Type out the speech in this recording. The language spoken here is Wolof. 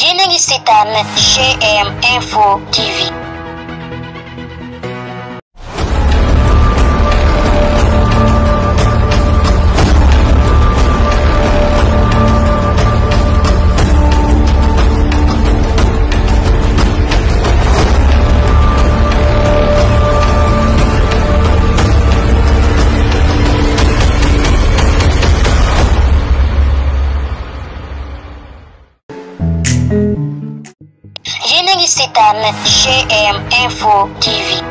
yéen a ngi yéen a ngi seetaan TV